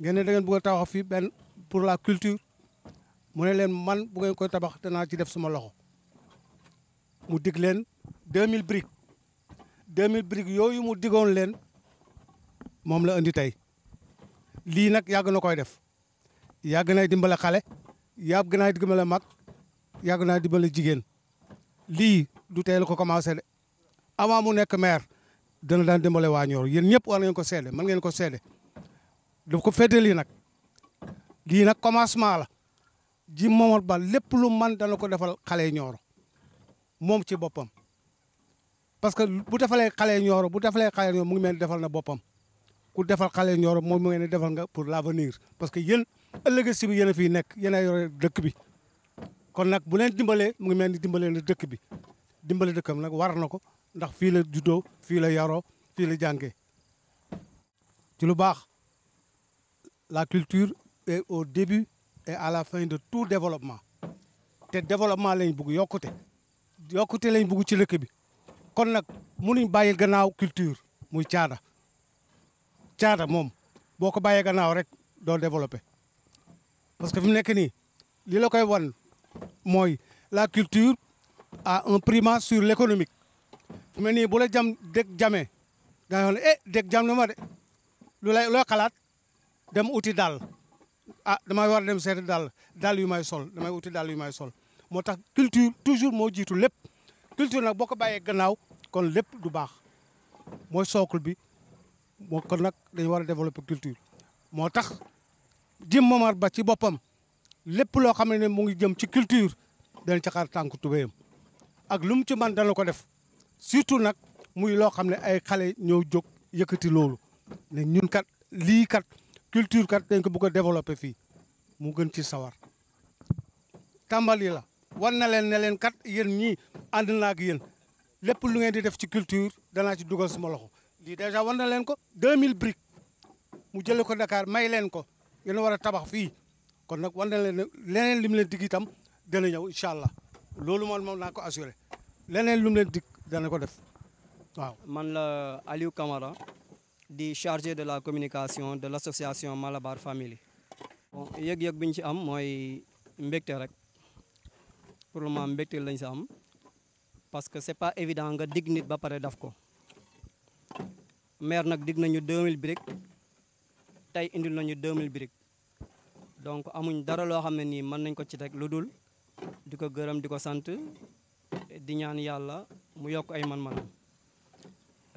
ngeen ne da ngeen bëgg a tabax fii pour la culture mu ne leen man bu ngeen koy tabax dana ci def suma loxo mu dig leen 2000 briques 2000 briques yoyu mu digoon leen mom la andi tay li nak yag na koy def yag na dimbale xalé yag na dimbale mak yag na dimbale jigen li du tay la ko commencé de avant mu nek maire dana dan dimbalé wañor yeen yéen war ngeen ko sédé man ngeen ko sédé du ko féetee nag lii nag commencement la ji Momar Ba lépp lu man dana ko defal xale ñooro moom ci boppam. parce que bu defalee xale ñooro bu defalee xale ñooro mu ngi mel ni defal na boppam ku defal xale ñooro moom mu ngi ne defal nga pour l'avenir parce que yéen ëllëg si bi yéen a fiy nekk yéen a yore dëkk bi. kon nag bu leen dimbalee mu ngi mel ni dimbalee na dëkk bi dimbale dëkkam nag war na ko ndax fii la juddoo fii la yaroo fii la jàngee ci lu baax. la culture est au début et à la fin de tout développement te développement lañ bugg yokkute yokkute lañ bugg ci lëkk bi kon nag munuñ bàyyi gannaaw culture muy caada caada mom, boo ko bàyyee gannaaw rek doo développer. parce que fi mu nekk nii li la koy wan mooy la culture a un primat sur l'économique fi mu ne nii bu la jam dég jamee danga wax ne eh dég jam ma de lu lay looy xalaat dem outil dal ah dama war dem set dal dal yu may sol dama uti dal yu may sol motax culture toujours mo jitu lepp culture nak boko baye gannaaw kon lepp du bax moy sookul bi mo kon nak dañ wara développer culture motax dim Momar Ba ci bopam lepp lo xamné mo ngi jëm ci culture dañ ci xaar tànk tubéyam ak lu mu ci man dana ko def surtout nak muy lo xamné ay xalé ñoo jog yëkëti loolu né ñun kat li kat culture kat dañ ko bëgg a développer fii mu gën ci sawar tàmbali la wan na leen ne leen kat yéen ñii ànd naa ak yéen lépp lu ngeen di def ci culture danaa ci dugal sama loxo lii déjà wan na leen ko 2000 briques mu jële ko Dakar may leen ko yéen war a tabax fii kon nag wan na leen ne leneen li mu leen dig itam dana ñëw incha allah loolu man moom naa ko assuré leneen lu leen dig dana ko def waaw man la Aliou Camara di chargé de la communication de l' association Malabar Family. bon yëg-yëg bi ñu ci am mooy mbégte rek pour le moment mbégte lañ si am parce que c' est pas évident nga dig nit ba pare daf ko. maire nag digg nañu 2000 briques tey indil nañu 2000 briques donc amuñ dara loo xam ne nii mën nañ ko ci rek lu dul di ko gërëm di ko sant di ñaan yàlla mu yokk ay man-manam.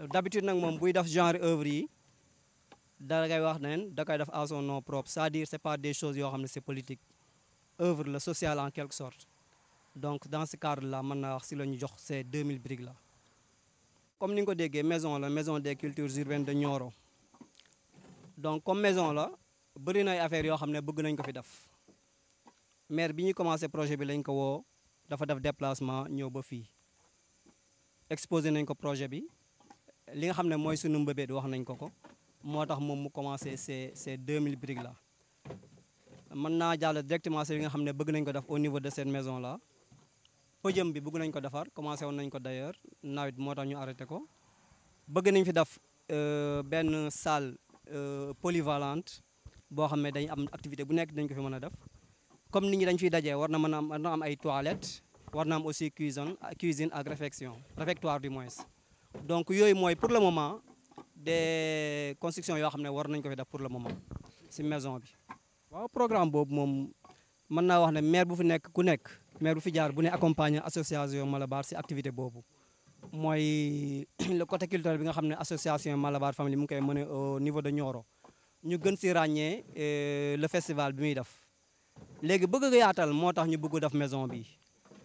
d'habitude nag moom buy def genre œuvre yi da ngay wax neen da koy def à son nom propre c'est-à-dire c'est pas des choses yo xamné c'est politique œuvre sociale en quelque sorte donc dans ce cadre là man wax si lañu jox ces 2000 briques là comme ni nga ko maison la maison des cultures urbaines de Nioro donc comme maison là bëri na affaire affaires xamné bëgg nañ ko fi def maire bi ñu commencé projet bi lañ ko wo dafa def déplacement ñëw ba fi exposé nañ ko projet bi li nga xam moy mooy sunu mbébét wax nañ ko ko motax mom mu commencé ces ces 2000 briques là mën naa jàll directement ci nga xam ne bëgg nañ ko def au niveau de cette maison là podium bi bëgg nañ ko defar commencé won nañ ko d'ailleurs nawit motax ñu arrêté ko bëgg nañ fi def ben salle euh polyvalente bo xam dañ am activité bu nekk dañ ko fi mëna a def comme nit ñi dañ fi dajé war na mëna am ay toilettes war na am aussi cuisine cuisine ak réfection réfectoire du moins donc yooyu mooy pour le moment des constructions yoo xam ne war nañ ko fi def pour le moment si maison bi. waaw programme boobu moom mën naa wax ne maire bu fi nekk ku nekk maire bu fi jaar bu ne accompagner association Malabar si activité boobu. mooy le côté culturel bi nga xam ne association Malabar famille, mu ngi koy au niveau de Nioro ñu gën si ràññee euh, le festival bi muy def léegi bëgg nga yaatal moo tax ñu bëgg def maison bi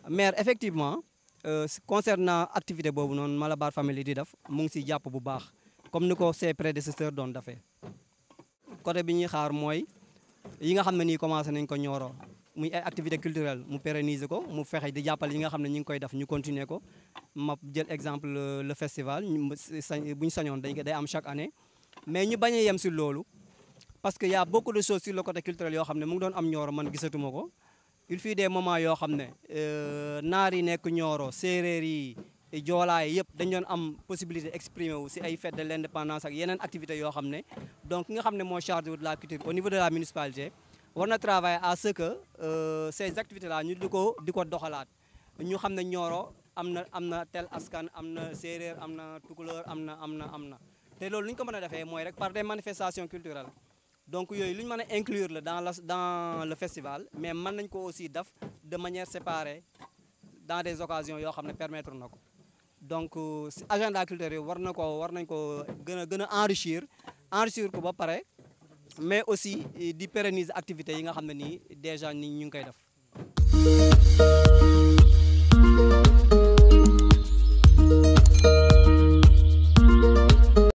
maire effectivement. Euh, concernant activité boobu noonu Malabar Family di def mu ngi siy jàpp bu baax comme ni ko ses prédécesseurs doon defee côté bi ñuy xaar mooy yi nga xam ni nii commencé nañ ko Nioro muy ay activité culturelle mu pérenniser ko mu fexe di jàppale yi nga xam ne ñu ngi koy def ñu continuer ko ma jël exemple euh, le festival bu ñu sañoon dañ day am chaque année mais ñu bañ a yem si loolu parce que y a beaucoup de choses sur le côté culturel yoo xam ne mu ngi doon am Nioro man gisatuma ko il fut des moments yoo xam ne euh, naar yi nekk Nioro séeréer yi joolaa yi yëpp dañ am possibilité exprimer wu si ay fête de l' ak yeneen activités yoo xam ne donc nga xam ne moo chargé de la culture au niveau de la municipalité war na travailler à ce que euh, ces activités la ñu di ko di doxalaat ñu xam ne Nioro am na am na tel askan am na séeréer am na tukulóor am na am na am na te loolu lu ñu ko mën a defee mooy rek par des manifestations culturelles donc yooyu lu a inclure le dans la dans le festival mais mën nañ ko aussi def de manière séparée dans des occasions yoo xam ne permettre na donc euh, agenda culturel war na war nañ ko gën enrichir enrichir ko ba pare mais aussi eh, di pérenniser activités yi nga xam ne déjà ni ñu ngi koy